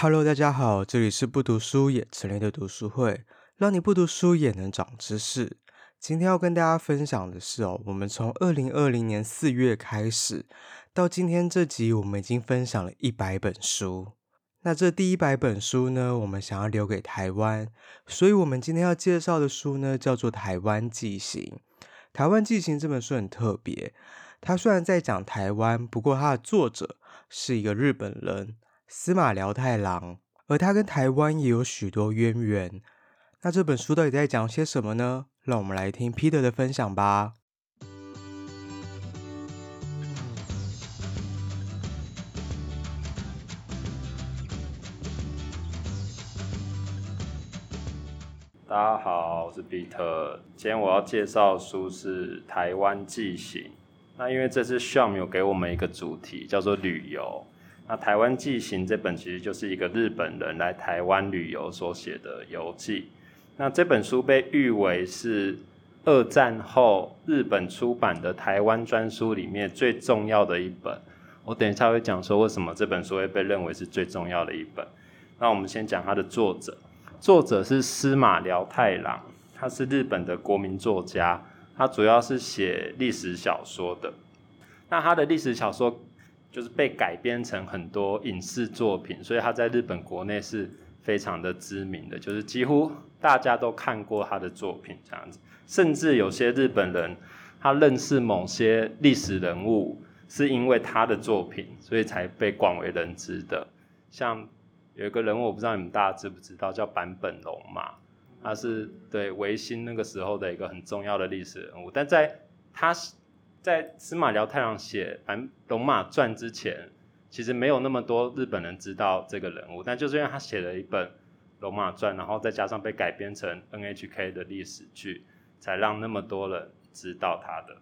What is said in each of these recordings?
Hello，大家好，這裡是不讀書也成立的讀書會，讓你不讀書也能長知識。今天要跟大家分享的是哦，我們從二零二零年四月開始到今天這集，我們已經分享了一百本書。那這第一百本書呢，我們想要留給台灣，所以我們今天要介紹的書呢，叫做《臺灣紀行》。《臺灣紀行》這本書很特別，它雖然在講台灣，不過它的作者是一個日本人。司馬遼太郎，而他跟台灣也有許多淵源。那這本書到底在講些什麼呢？讓我們來聽彼得的分享吧。大家好，我是彼得。今天我要介紹的書是《台灣紀行》。那因為這次 Show 有給我們一個主題，叫做旅遊。那《台灣紀行》這本其實就是一個日本人來台灣旅遊所寫的遊記。那這本書被譽為是二戰後日本出版的台灣專書裡面最重要的一本。我等一下會講說為什麼這本書會被認為是最重要的一本。那我們先講他的作者，作者是司馬遼太郎，他是日本的國民作家，他主要是寫歷史小說的。那他的歷史小說，就是被改編成很多影視作品，所以他在日本國內是非常的知名的，就是幾乎大家都看過他的作品這樣子。甚至有些日本人，他認識某些歷史人物，是因為他的作品，所以才被廣為人知的。像有一個人物，我不知道你們大家知不知道，叫坂本龍馬，他是對維新那個時候的一個很重要的歷史人物，但在他在司馬遼太郎寫《反龍馬傳》之前，其實沒有那麼多日本人知道這個人物，但就是因為他寫了一本《龍馬傳》，然後再加上被改編成 NHK 的歷史劇，才讓那麼多人知道他的。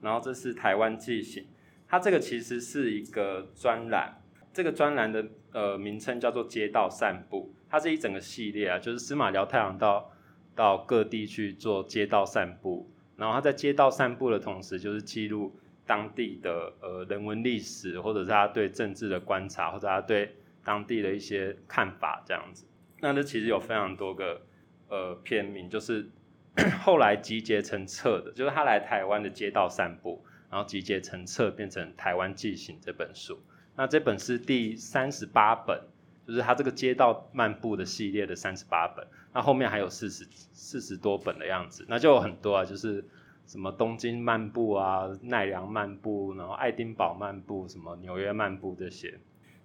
然後這是台灣紀行，它這個其實是一個專欄，這個專欄的呃名稱叫做“街道散步”，它是一整個系列啊，就是司馬遼太郎到到各地去做街道散步。然後他在街道散步的同時，就是記錄當地的呃人文歷史，或者是他對政治的觀察，或者他對當地的一些看法這樣子。那這其實有非常多個呃片名，就是 後來集結成冊的，就是他來台灣的街道散步，然後集結成冊變成《台灣紀行》這本書。那這本是第三十八本。就是他這個街道漫步的系列的三十八本，那後面還有四十四十多本的樣子，那就有很多啊，就是什麼東京漫步啊、奈良漫步，然後愛丁堡漫步、什麼紐約漫步這些。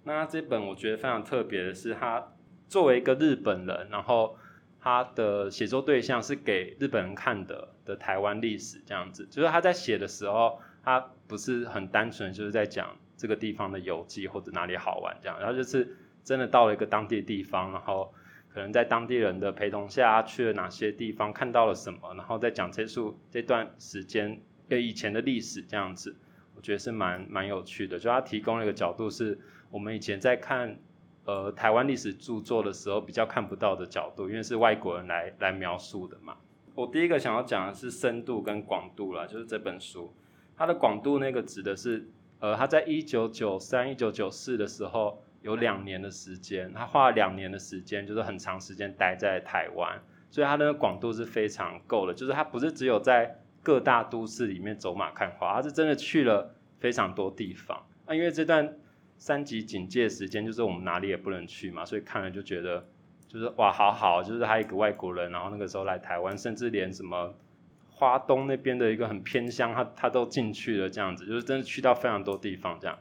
那這本我覺得非常特別的是，他作為一個日本人，然後他的寫作對象是給日本人看的的台灣歷史這樣子，就是他在寫的時候，他不是很單純就是在講這個地方的遊記或者哪裡好玩這樣，然後就是。真的到了一個當地的地方，然後可能在當地人的陪同下去了哪些地方，看到了什麼，然後再講這處這段時間，呃，以前的歷史這樣子，我覺得是蠻蠻有趣的，就他提供了一個角度，是我們以前在看呃台灣歷史著作的時候比較看不到的角度，因為是外國人來來描述的嘛。我第一個想要講的是深度跟廣度了，就是這本書，它的廣度那個指的是，呃，它在一九九三一九九四的時候。有兩年的時間，他花了兩年的時間，就是很長時間待在台灣，所以他的廣度是非常夠的。就是他不是只有在各大都市裡面走馬看花，而是真的去了非常多地方。啊，因為這段三級警戒時間，就是我們哪裡也不能去嘛，所以看了就覺得，就是哇，好好，就是他一個外國人，然後那個時候來台灣，甚至連什麼花東那邊的一個很偏鄉，他他都進去了，這樣子，就是真的去到非常多地方這樣。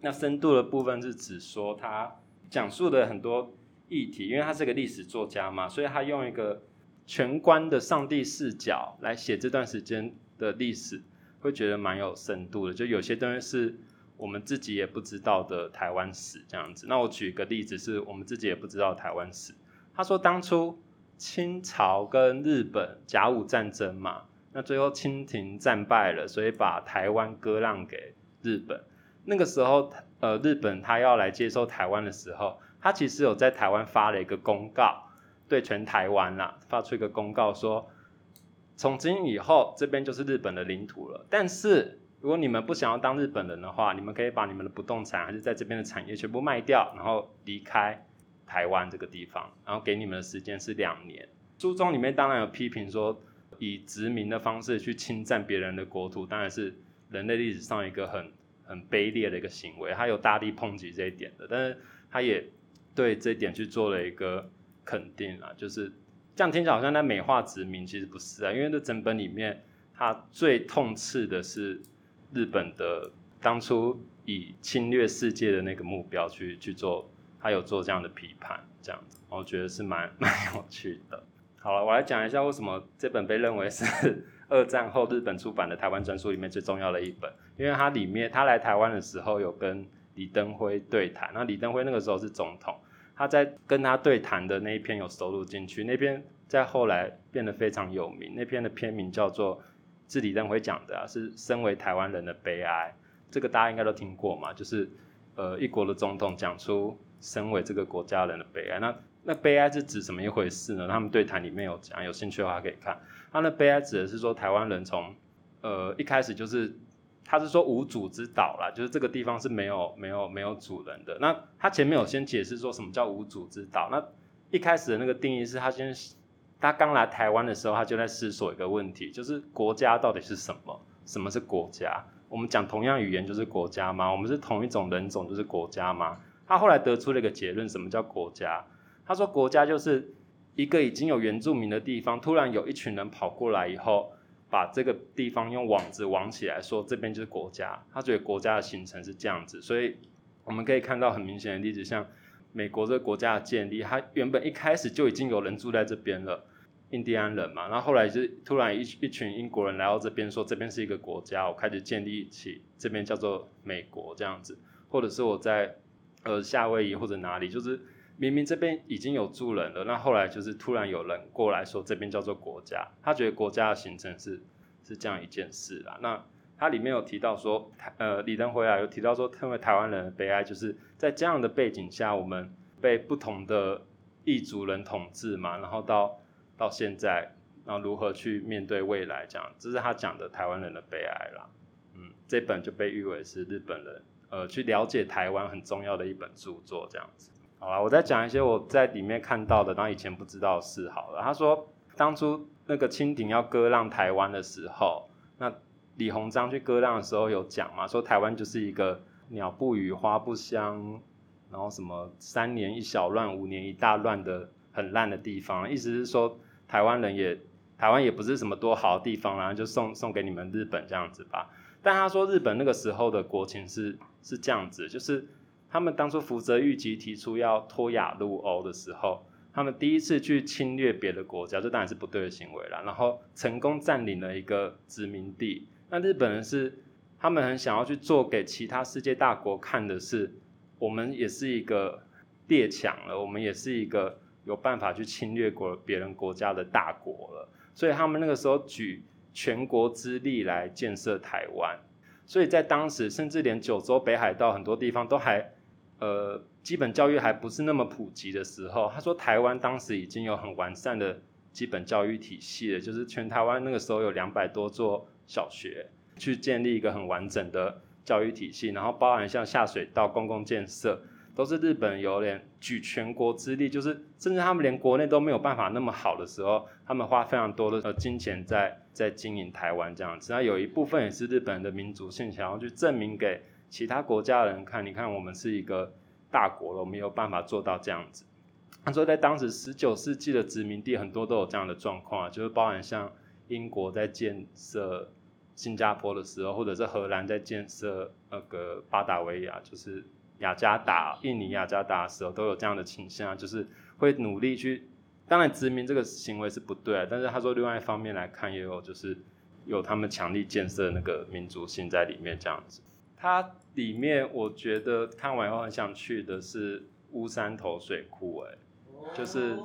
那深度的部分是指說，他講述的很多議題，因為他是個歷史作家嘛，所以他用一個全觀的上帝視角來寫這段時間的歷史，會覺得蠻有深度的。就有些東西是我們自己也不知道的台灣史這樣子。那我舉一個例子，是我們自己也不知道台灣史。他說，當初清朝跟日本甲午戰爭嘛，那最後清廷戰敗了，所以把台灣割讓給日本。那個時候，呃，日本他要來接收台灣的時候，他其實有在台灣發了一個公告，對全台灣啦、啊，發出一個公告說，從今以後這邊就是日本的領土了。但是，如果你們不想要當日本人的話，你們可以把你們的不動產還是在這邊的產業全部賣掉，然後離開台灣這個地方。然後給你們的時間是兩年。書中裡面當然有批評說，以殖民的方式去侵佔別人的國土，當然是人類歷史上一個很。很卑劣的一個行為，他有大力抨擊這一點的，但是他也對這一點去做了一個肯定啊，就是這樣聽起來好像在美化殖民，其實不是啊，因為這整本裡面他最痛斥的是日本的當初以侵略世界的那個目標去去做，他有做這樣的批判，這樣子，我覺得是蠻蠻有趣的。好了，我來講一下為什麼這本被認為是二戰後日本出版的台灣專書裡面最重要的一本。因為他裡面，他來台灣的時候有跟李登輝對談，那李登輝那個時候是總統，他在跟他對談的那一篇有收錄進去，那篇在後來變得非常有名。那篇的篇名叫做《是李登輝講的、啊》，是身為台灣人的悲哀。這個大家應該都聽過嘛，就是呃，一國的總統講出身為這個國家人的悲哀。那那悲哀是指什麼一回事呢？他們對談裡面有講，有興趣的話可以看。他、啊、那悲哀指的是說台灣，台灣人從呃一開始就是。他是說無主之島啦，就是這個地方是沒有、沒有、沒有主人的。那他前面有先解釋說什麼叫無主之島。那一開始的那個定義是他先，他剛來台灣的時候，他就在思索一個問題，就是國家到底是什麼？什麼是國家？我們講同樣語言就是國家嗎？我們是同一種人種就是國家嗎？他後來得出了一個結論，什麼叫國家？他說國家就是一個已經有原住民的地方，突然有一群人跑過來以後。把這個地方用網子網起來，說這邊就是國家。他覺得國家的形成是這樣子，所以我們可以看到很明顯的例子，像美國這個國家的建立，他原本一開始就已經有人住在這邊了，印第安人嘛。然後後來就突然一一群英國人來到這邊說，這邊是一個國家，我開始建立起這邊叫做美國，這樣子，或者是我在呃夏威夷或者哪裡，就是。明明這邊已經有住人了，那後來就是突然有人過來說這邊叫做國家，他覺得國家的形成是是這樣一件事啦。那他裡面有提到說，呃，李登輝啊有提到說，身為台灣人的悲哀，就是在這樣的背景下，我們被不同的異族人統治嘛，然後到到現在，然後如何去面對未來，這樣，這是他講的台灣人的悲哀啦。嗯，這本就被譽為是日本人呃去了解台灣很重要的一本著作，這樣子。好了、啊，我再講一些我在裡面看到的，然後以前不知道的事好了。他說，當初那個清廷要割讓台灣的時候，那李鴻章去割讓的時候有講嘛，說台灣就是一個鳥不語、花不香，然後什麼三年一小亂、五年一大亂的很爛的地方，意思是說台灣人也台灣也不是什麼多好的地方、啊，然後就送送給你們日本這樣子吧。但他說日本那個時候的國情是是這樣子，就是。他們當初福澤諭吉提出要脫亞入歐的時候，他們第一次去侵略別的國家，這當然是不對的行為了。然後成功佔領了一個殖民地。那日本人是他們很想要去做給其他世界大國看的是，我們也是一個列強了，我們也是一個有辦法去侵略過別人國家的大國了。所以他們那個時候舉全國之力來建設台灣，所以在當時，甚至連九州、北海道很多地方都還。呃，基本教育還不是那麼普及的時候，他說台灣當時已經有很完善的基本教育體系了，就是全台灣那個時候有兩百多座小學，去建立一個很完整的教育體系，然後包含像下水道、公共建設，都是日本有點舉全國之力，就是甚至他們連國內都沒有辦法那麼好的時候，他們花非常多的呃金錢在在經營台灣這樣子，那有一部分也是日本人的民族性，想要去證明給。其他國家的人看，你看我們是一個大國了，我們沒有辦法做到這樣子。他說，在當時十九世紀的殖民地很多都有這樣的狀況啊，就是包含像英國在建設新加坡的時候，或者是荷蘭在建設那個巴達維亞，就是雅加達，印尼雅加達的時候，都有這樣的傾向啊，就是會努力去。當然殖民這個行為是不對啊，但是他說另外一方面來看，也有就是有他們強力建設那個民族性在裡面這樣子。它裡面我覺得看完以後很想去的是烏山頭水庫，哎，就是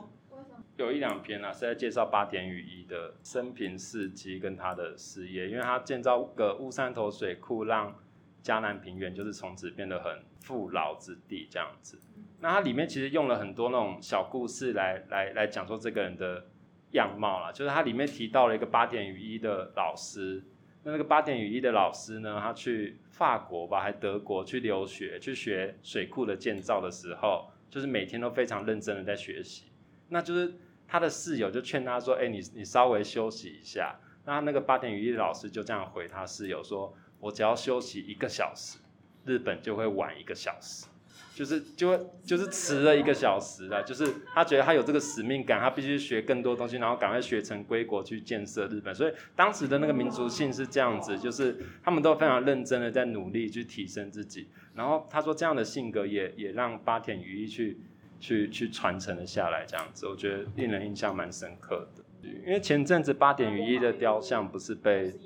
有一兩篇啊是在介紹八田與一的生平事迹跟他的事業，因為他建造個烏山頭水庫，讓嘉南平原就是從此變得很富饒之地這樣子。那它裡面其實用了很多那種小故事來來來講說這個人的樣貌啦，就是它裡面提到了一個八田與一的老師。那那個八田與一的老師呢，他去法國吧，還德國去留學，去學水庫的建造的時候，就是每天都非常認真的在學習。那就是他的室友就勸他說：“哎、欸，你你稍微休息一下。”那那個八田與一的老師就這樣回他室友說：“我只要休息一個小時，日本就會晚一個小時。”就是就就是遲了一個小時了，就是他覺得他有這個使命感，他必須學更多東西，然後趕快學成歸國去建設日本。所以當時的那個民族性是這樣子，就是他們都非常認真的在努力去提升自己。然後他說這樣的性格也也讓八田與一去去去傳承了下來，這樣子，我覺得令人印象蠻深刻的。因為前陣子八田與一的雕像不是被是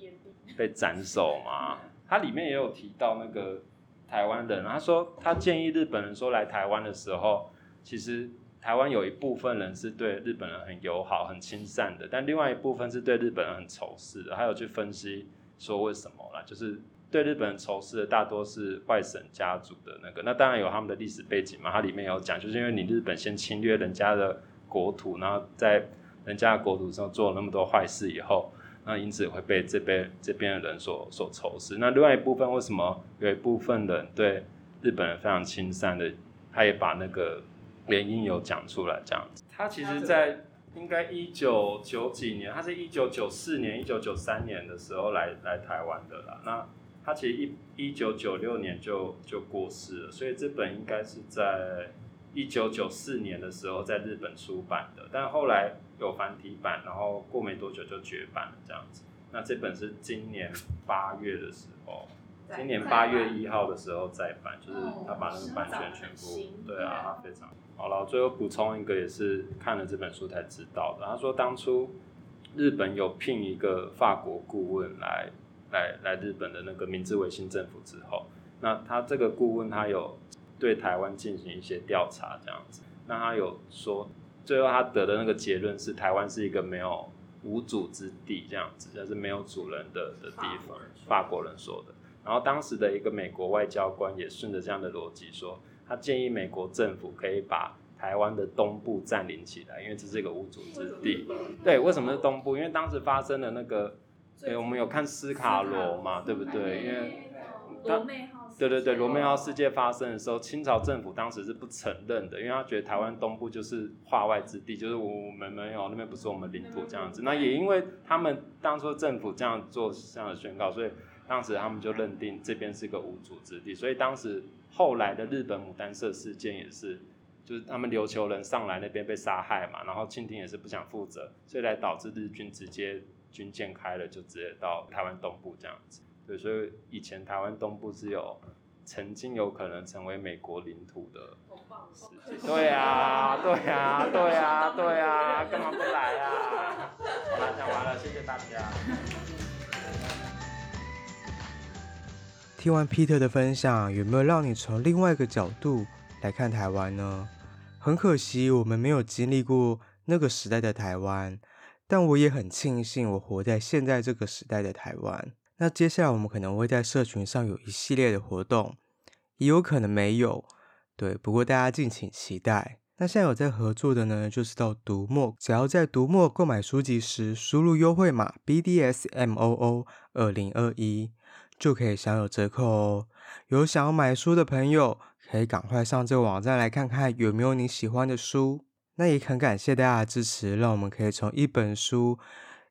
被斬首嗎？他裡面也有提到那個。台灣人，他說他建議日本人說，來台灣的時候，其實台灣有一部分人是對日本人很友好、很親善的，但另外一部分是對日本人很仇視的。還有去分析說為什麼啦，就是對日本人仇視的大多是外省家族的那個，那當然有他們的歷史背景嘛。他裡面有講，就是因為你日本先侵略人家的國土，然後在人家的國土上做了那麼多壞事以後。那因此會被這邊這邊的人所所仇視。那另外一部分為什麼有一部分人對日本人非常親善的，他也把那個原因有講出來這樣子。他其實，在應該一九九幾年，他是一九九四年、一九九三年的時候來來台灣的啦。那他其實一一九九六年就就過世了，所以這本應該是在一九九四年的時候在日本出版的，但後來。有繁體版，然後過沒多久就絕版了，這樣子。那這本是今年八月的時候，今年八月一號的時候再版，就是他把那個版權全部對啊，他非常好了。好，然後最後補充一個，也是看了這本書才知道的。他說當初日本有聘一個法國顧問來來來日本的那個明治維新政府之後，那他這個顧問他有對台灣進行一些調查，這樣子，那他有說。最後他得的那個結論是，台灣是一個沒有無主之地這樣子，就是沒有主人的的地方。法國人說的。說的，然後當時的一個美國外交官也順着這樣的邏輯說，他建議美國政府可以把台灣的東部佔領起來，因為這是一個無主之地。嗯、對，為什麼是東部？因為當時發生了那個、欸，我們有看斯卡羅嘛，對不對？因為。對對對，羅密歐事件發生的時候，清朝政府當時是不承認的，因為他覺得台灣東部就是化外之地，就是我們沒有，那邊不是我們領土這樣子。嗯、那也因為他們當初政府這樣做這樣的宣告，所以當時他們就認定這邊是個無主之地。所以當時後來的日本牡丹社事件也是，就是他們琉球人上來那邊被殺害嘛，然後清廷也是不想負責，所以才導致日軍直接軍艦開了，就直接到台灣東部這樣子。所以以前台灣東部是有曾經有可能成為美國領土的。重磅、嗯、對呀、啊，對呀、啊，對呀、啊，對呀、啊啊，幹嘛不來呀、啊？好，講完了，謝謝大家。聽完 Peter 的分享，有沒有讓你從另外一個角度來看台灣呢？很可惜，我們沒有經歷過那個時代的台灣，但我也很慶幸，我活在現在這個時代的台灣。那接下來我們可能會在社群上有一系列的活動，也有可能沒有，對，不過大家敬請期待。那現在有在合作的呢，就是到讀墨，只要在讀墨購買書籍時輸入優惠碼 BDSMOO 2021，就可以享有折扣哦。有想要買書的朋友，可以趕快上這個網站來看看有沒有你喜歡的書。那也很感謝大家的支持，讓我們可以從一本書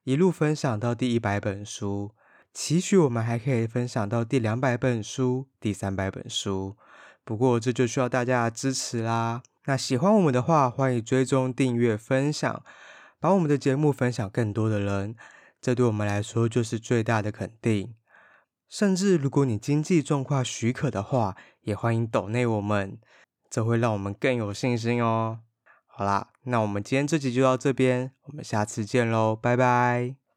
一路分享到第一百本書。期許我們還可以分享到第兩百本書、第三百本書，不過這就需要大家的支持啦。那喜歡我們的話，歡迎追蹤、訂閱、分享，把我們的節目分享更多的人，這對我們來說就是最大的肯定。甚至如果你經濟狀況許可的話，也歡迎抖內我們，這會讓我們更有信心哦。好啦，那我們今天這集就到這邊，我們下次見嘍，拜拜。